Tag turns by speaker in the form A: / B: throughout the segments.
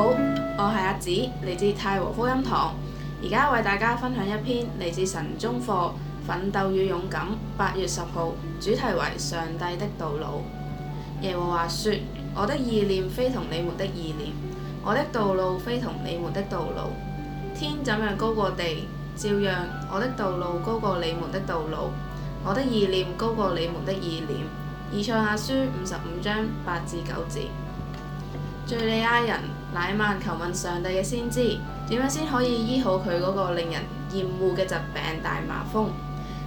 A: 好，我係阿紫，嚟自泰和福音堂，而家為大家分享一篇嚟自神中課《奮鬥與勇敢》，八月十號，主題為上帝的道路。耶和華說：我的意念非同你們的意念，我的道路非同你們的道路。天怎樣高過地，照樣我的道路高過你們的道路，我的意念高過你們的意念。以賽亞書五十五章八至九節。敘利亞人乃曼求問上帝嘅先知，點樣先可以醫好佢嗰個令人厭惡嘅疾病大麻風？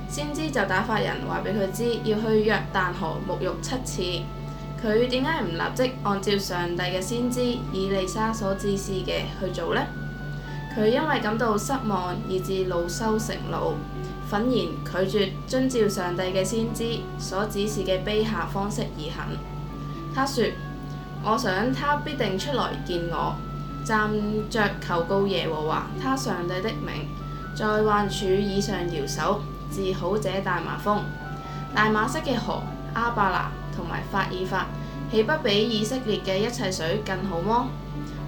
A: 先知就打發人話俾佢知，要去約旦河沐浴七次。佢點解唔立即按照上帝嘅先知以利沙所指示嘅去做呢？佢因為感到失望，以至惱羞成怒，憤然拒絕遵照上帝嘅先知所指示嘅卑下方式而行。他說。我想他必定出來見我，站着求告耶和華，他上帝的名，在患處以上搖手，治好這大麻風。大馬色嘅河亞罷拿同埋法珥法，豈不比以色列嘅一切水更好麼？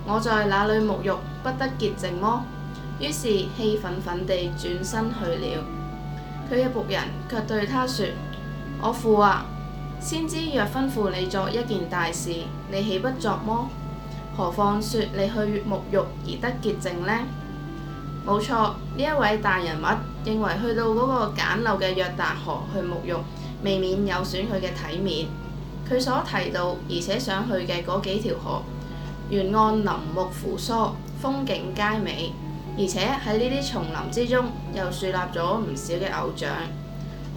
A: 我在那裏沐浴，不得潔淨麼？於是氣憤憤地轉身去了。佢嘅僕人卻對他說：我父啊！先知若吩咐你作一件大事，你豈不作麼？何況說你去沐浴而得潔淨呢？冇錯，呢一位大人物認為去到嗰個簡陋嘅約旦河去沐浴，未免有損佢嘅體面。佢所提到而且想去嘅嗰幾條河，沿岸林木扶疏，風景皆美，而且喺呢啲叢林之中又樹立咗唔少嘅偶像，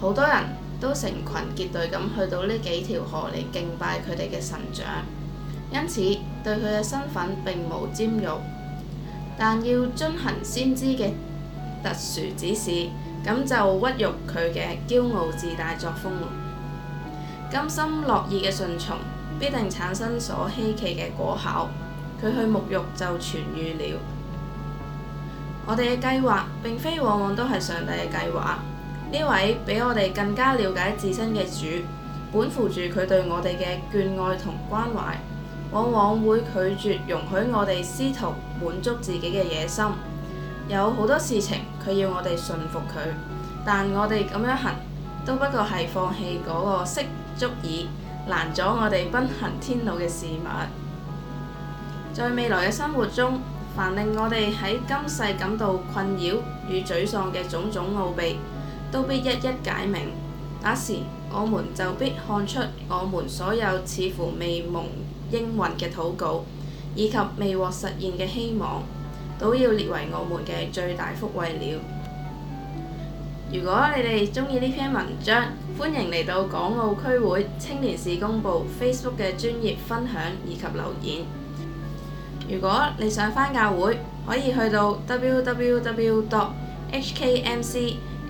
A: 好多人。都成群結隊咁去到呢幾條河嚟敬拜佢哋嘅神像，因此對佢嘅身份並無玷辱，但要遵行先知嘅特殊指示，咁就屈辱佢嘅驕傲自大作風。甘心樂意嘅順從，必定產生所希冀嘅果效。佢去沐浴就痊愈了。我哋嘅計劃並非往往都係上帝嘅計劃。呢位比我哋更加了解自身嘅主，本乎住佢對我哋嘅眷愛同關懷，往往會拒絕容許我哋試圖滿足自己嘅野心。有好多事情佢要我哋信服佢，但我哋咁樣行都不過係放棄嗰個息足已，攔阻我哋奔行天路嘅事物。在未來嘅生活中，凡令我哋喺今世感到困擾與沮喪嘅種種奧秘。都必一一解明，那時我們就必看出我們所有似乎未蒙應允嘅禱告，以及未獲實現嘅希望，都要列為我們嘅最大福惠了。如果你哋鍾意呢篇文章，歡迎嚟到港澳區會青年事工部 Facebook 嘅專頁分享以及留言。如果你想返教會，可以去到 www.hkmc。